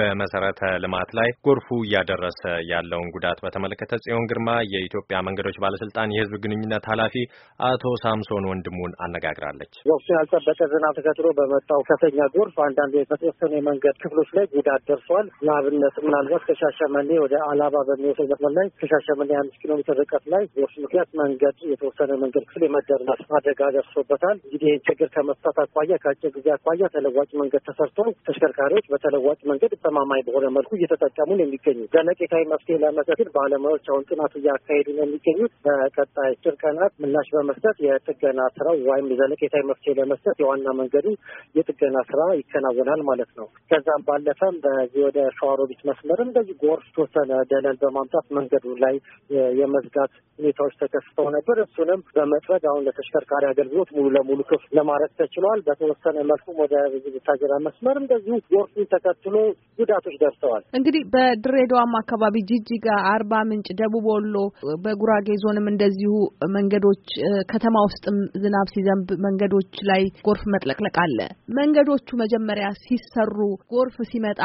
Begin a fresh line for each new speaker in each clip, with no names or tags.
በመሰረተ ልማት ላይ ጎርፉ እያደረሰ ያለውን ጉዳት በተመለከተ ጽዮን ግርማ የኢትዮጵያ መንገዶች ባለስልጣን የህዝብ ግንኙነት ኃላፊ አቶ ሳምሶን ወንድሙን አነጋግራለች። ወቅቱን ያልጠበቀ ዝናብ ተከትሎ በመጣው ከፍተኛ ጎርፍ አንዳንድ በተወሰኑ የመንገድ ክፍሎች ላይ ጉዳት ደርሷል። ለአብነት ምናልባት ከሻሸመኔ ወደ አላባ በሚወሰድ መስመር ላይ ከሻሸመኔ አምስት ኪሎ ሜትር ርቀት ላይ ጎርፍ ምክንያት መንገድ የተወሰነ መንገድ ክፍል የመደርናት አደጋ ደርሶበታል። እንግዲህ ይህን ችግር ከመፍታት አኳያ ከአጭር ጊዜ አኳያ ተለዋጭ መንገድ ተሰርቶ ተሽከርካሪዎች በተለዋጭ መንገድ አስተማማኝ በሆነ መልኩ እየተጠቀሙ ነው የሚገኙት። ዘለቄታዊ መፍትሄ ለመስጠት ባለሙያዎች አሁን ጥናት እያካሄዱ ነው የሚገኙት። በቀጣይ አጭር ቀናት ምላሽ በመስጠት የጥገና ስራው ወይም ዘለቄታዊ መፍትሄ ለመስጠት የዋና መንገዱ የጥገና ስራ ይከናወናል ማለት ነው። ከዛም ባለፈም በዚህ ወደ ሸዋሮቢት መስመር እንደዚህ ጎርፍ ተወሰነ ደለል በማምጣት መንገዱ ላይ የመዝጋት ሁኔታዎች ተከስተው ነበር። እሱንም በመጥረግ አሁን ለተሽከርካሪ አገልግሎት ሙሉ ለሙሉ ክፍት ለማድረግ ተችሏል። በተወሰነ መልኩም ወደ ታጀራ መስመር እንደዚሁ ጎርፍን ተከትሎ
ጉዳቶች ደርሰዋል። እንግዲህ በድሬዳዋም አካባቢ ጅጅጋ፣ አርባ ምንጭ፣ ደቡብ ወሎ፣ በጉራጌ ዞንም እንደዚሁ መንገዶች ከተማ ውስጥም ዝናብ ሲዘንብ መንገዶች ላይ ጎርፍ መጥለቅለቅ አለ። መንገዶቹ መጀመሪያ ሲሰሩ ጎርፍ ሲመጣ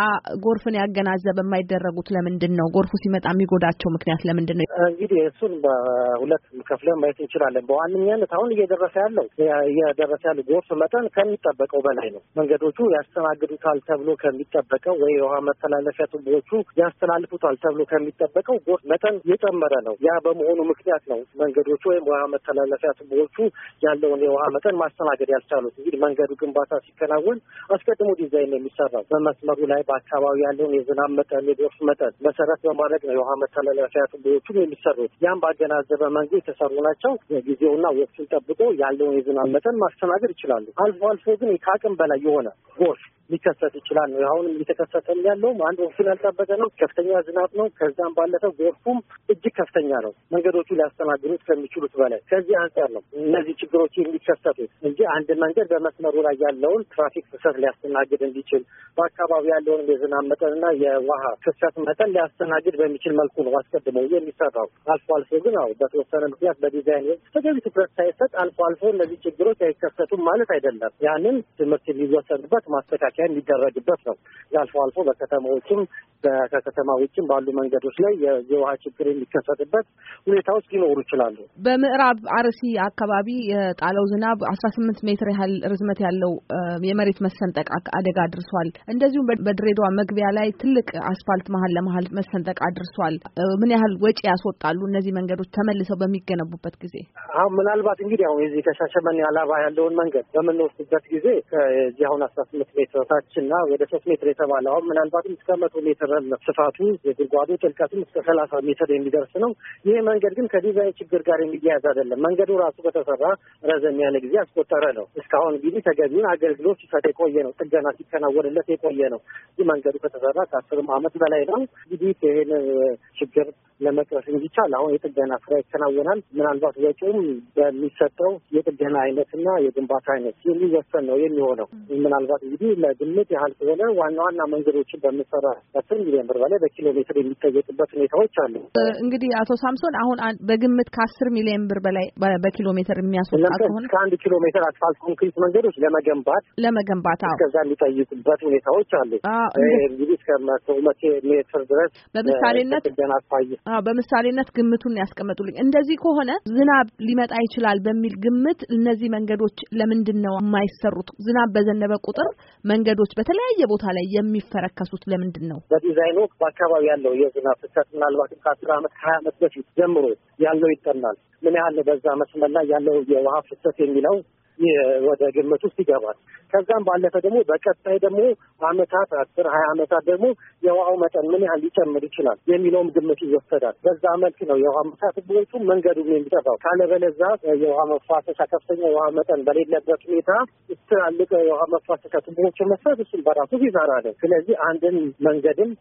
ጎርፍን ያገናዘበ የማይደረጉት ለምንድን ነው? ጎርፉ ሲመጣ የሚጎዳቸው ምክንያት ለምንድን ነው? እንግዲህ
እሱን በሁለት ከፍለን ማየት እንችላለን። በዋነኛነት አሁን እየደረሰ ያለው እየደረሰ ያለው ጎርፍ መጠን ከሚጠበቀው በላይ ነው። መንገዶቹ ያስተናግዱታል ተብሎ ከሚጠበቀው ወይ የውሃ መተላለፊያ ቱቦዎቹ ያስተላልፉታል ተብሎ ከሚጠበቀው ጎርፍ መጠን የጨመረ ነው። ያ በመሆኑ ምክንያት ነው መንገዶቹ ወይም ውሃ መተላለፊያ ቱቦዎቹ ያለውን የውሃ መጠን ማስተናገድ ያልቻሉት። እንግዲህ መንገዱ ግንባታ ሲከናወን አስቀድሞ ዲዛይን የሚሰራው በመስመሩ ላይ በአካባቢ ያለውን የዝናብ መጠን፣ የጎርፍ መጠን መሰረት በማድረግ ነው የውሃ መተላለፊያ ቱቦዎቹም የሚሰሩት። ያም ባገናዘበ መንገድ የተሰሩ ናቸው። ጊዜውና ወቅቱን ጠብቆ ያለውን የዝናብ መጠን ማስተናገድ ይችላሉ። አልፎ አልፎ ግን ከአቅም በላይ የሆነ ጎርፍ ሊከሰት ይችላል ነው። አሁንም እየተከሰተም ያለውም አንድ ወቅቱን ያልጠበቀ ነው። ከፍተኛ ዝናብ ነው። ከዛም ባለፈው ጎርፉም እጅግ ከፍተኛ ነው፣ መንገዶቹ ሊያስተናግዱት ከሚችሉት በላይ። ከዚህ አንጻር ነው እነዚህ ችግሮች የሚከሰቱት እንጂ አንድ መንገድ በመስመሩ ላይ ያለውን ትራፊክ ፍሰት ሊያስተናግድ እንዲችል በአካባቢ ያለውን የዝናብ መጠንና የውሃ ፍሰት መጠን ሊያስተናግድ በሚችል መልኩ ነው አስቀድመው የሚሰራው። አልፎ አልፎ ግን አዎ በተወሰነ ምክንያት በዲዛይን ተገቢ ትኩረት ሳይሰጥ አልፎ አልፎ እነዚህ ችግሮች አይከሰቱም ማለት አይደለም። ያንን ትምህርት ሊወሰዱበት ማስተካከል መከላከያ እንዲደረግበት ነው። ያልፎ አልፎ በከተማዎችም ከከተማ ውጭም ባሉ መንገዶች ላይ የውሃ ችግር የሚከሰትበት ሁኔታዎች ሊኖሩ ይችላሉ።
በምዕራብ አርሲ አካባቢ የጣለው ዝናብ አስራ ስምንት ሜትር ያህል ርዝመት ያለው የመሬት መሰንጠቅ አደጋ አድርሷል። እንደዚሁም በድሬዳዋ መግቢያ ላይ ትልቅ አስፋልት መሀል ለመሀል መሰንጠቅ አድርሷል። ምን ያህል ወጪ ያስወጣሉ እነዚህ መንገዶች ተመልሰው በሚገነቡበት ጊዜ?
አሁን ምናልባት እንግዲህ አሁን የዚህ ከሻሸመኔ አላባ ያለውን መንገድ በምንወስድበት ጊዜ ከዚህ አሁን አስራ ስምንት ሜትር ከመሰረታችን ወደ ሶስት ሜትር የተባለ አሁን ምናልባትም እስከ መቶ ሜትር ስፋቱ የጉድጓዱ ጥልቀቱም እስከ ሰላሳ ሜትር የሚደርስ ነው። ይህ መንገድ ግን ከዲዛይን ችግር ጋር የሚያያዝ አይደለም። መንገዱ ራሱ ከተሰራ ረዘም ያለ ጊዜ ያስቆጠረ ነው። እስካሁን እንግዲህ ተገቢውን አገልግሎት ሲሰጥ የቆየ ነው። ጥገና ሲከናወንለት የቆየ ነው። ይህ መንገዱ ከተሰራ ከአስርም ዓመት በላይ ነው። እንግዲህ ይህን ችግር ለመቅረፍ እንዲቻል አሁን የጥገና ስራ ይከናወናል። ምናልባት ወጪውም በሚሰጠው የጥገና አይነትና የግንባታ አይነት የሚወሰን ነው የሚሆነው ምናልባት እንግዲህ ግምት ያህል ከሆነ ዋና ዋና መንገዶችን በምሰራ አስር ሚሊዮን ብር በላይ በኪሎ ሜትር የሚጠየቅበት ሁኔታዎች አሉ።
እንግዲህ አቶ ሳምሶን አሁን በግምት ከአስር ሚሊዮን ብር በላይ በኪሎ ሜትር የሚያስወጣ ከሆነ
ከአንድ ኪሎ ሜትር አስፋልት ኮንክሪት መንገዶች ለመገንባት ለመገንባት እስከዛ የሚጠይቁበት ሁኔታዎች አሉ። እንግዲህ እስከ መቶ ሜትር ድረስ በምሳሌነት
በምሳሌነት ግምቱን ያስቀመጡልኝ። እንደዚህ ከሆነ ዝናብ ሊመጣ ይችላል በሚል ግምት እነዚህ መንገዶች ለምንድን ነው የማይሰሩት? ዝናብ በዘነበ ቁጥር መንገዶች በተለያየ ቦታ ላይ የሚፈረከሱት ለምንድን ነው?
በዲዛይን በአካባቢ ያለው የዝናብ ፍሰት ምናልባትም ከአስር ዓመት ሀያ አመት በፊት ጀምሮ ያለው ይጠናል። ምን ያህል በዛ መስመር ላይ ያለው የውሃ ፍሰት የሚለው ወደ ግምት ውስጥ ይገባል። ከዛም ባለፈ ደግሞ በቀጣይ ደግሞ አመታት አስር ሀያ አመታት ደግሞ የውሃው መጠን ምን ያህል ሊጨምር ይችላል የሚለውም ግምት ይወሰዳል። በዛ መልክ ነው የውሃ መሳት ቦቱ መንገዱ የሚጠፋው። ካለበለዛ የውሃ መፋሰሻ ከፍተኛ የውሃ መጠን በሌለበት ሁኔታ ትላልቅ የውሃ መፋሰሻ ቱቦዎች መስራት እሱም በራሱ ቢዛራ ነው። ስለዚህ አንድን መንገድም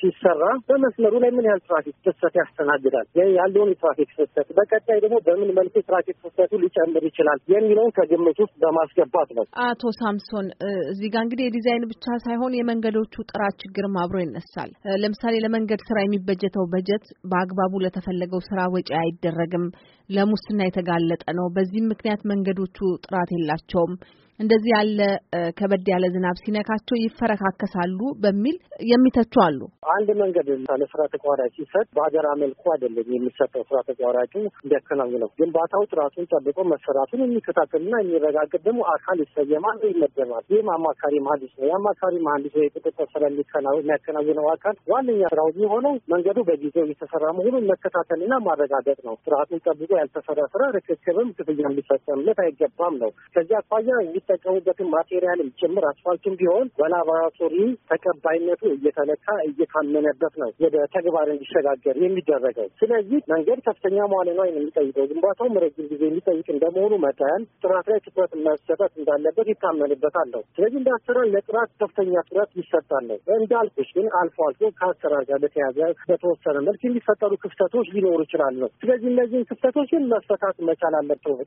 ሲሰራ በመስመሩ ላይ ምን ያህል ትራፊክ ፍሰት ያስተናግዳል ያለውን የትራፊክ ፍሰት፣ በቀጣይ ደግሞ በምን መልኩ ትራፊክ ፍሰቱ ሊጨምር ይችላል የሚለውን ከግ ግምት ውስጥ በማስገባት
ነው። አቶ ሳምሶን እዚህ ጋር እንግዲህ የዲዛይን ብቻ ሳይሆን የመንገዶቹ ጥራት ችግርም አብሮ ይነሳል። ለምሳሌ ለመንገድ ስራ የሚበጀተው በጀት በአግባቡ ለተፈለገው ስራ ወጪ አይደረግም፣ ለሙስና የተጋለጠ ነው። በዚህም ምክንያት መንገዶቹ ጥራት የላቸውም። እንደዚህ ያለ ከበድ ያለ ዝናብ ሲነካቸው ይፈረካከሳሉ በሚል የሚተቹ አሉ።
አንድ መንገድ ለስራ ተቋራጭ ሲሰጥ በሀገራ መልኩ አይደለም የሚሰጠው። ስራ ተቋራጩ እንዲያከናውነው ነው ግንባታው ጥራቱን ጠብቆ መሰራቱን የሚከታተልና የሚረጋገጥ ደግሞ አካል ይሰየማል፣ ይመደባል። ይህም አማካሪ መሀንዲስ ነው። የአማካሪ መሀንዲስ የቁጥጥር ስራ የሚያከናውነው አካል ዋነኛ ስራው የሚሆነው መንገዱ በጊዜው የተሰራ መሆኑን መከታተልና ማረጋገጥ ነው። ጥራቱን ጠብቆ ያልተሰራ ስራ ርክክብም ክፍያ የሚፈጸምለት አይገባም ነው። ከዚህ አኳያ የሚጠቀሙበትን ማቴሪያልም ጭምር አስፋልቱም ቢሆን በላቦራቶሪ ተቀባይነቱ እየተነካ እየታመነበት ነው ወደ ተግባር እንዲሸጋገር የሚደረገው። ስለዚህ መንገድ ከፍተኛ መዋለ ንዋይ ነው የሚጠይቀው። ግንባታውም ረጅም ጊዜ የሚጠይቅ እንደመሆኑ መጠን ጥራት ላይ ትኩረት መሰጠት እንዳለበት ይታመንበታል ነው። ስለዚህ እንደ አሰራር ለጥራት ከፍተኛ ትኩረት ይሰጣል ነው። እንዳልኩሽ ግን አልፎ አልፎ ከአሰራር ጋር በተያያዘ በተወሰነ መልክ የሚፈጠሩ ክፍተቶች ሊኖሩ ይችላል ነው። ስለዚህ እነዚህን ክፍተቶች ግን መፈታት መቻል አለበት።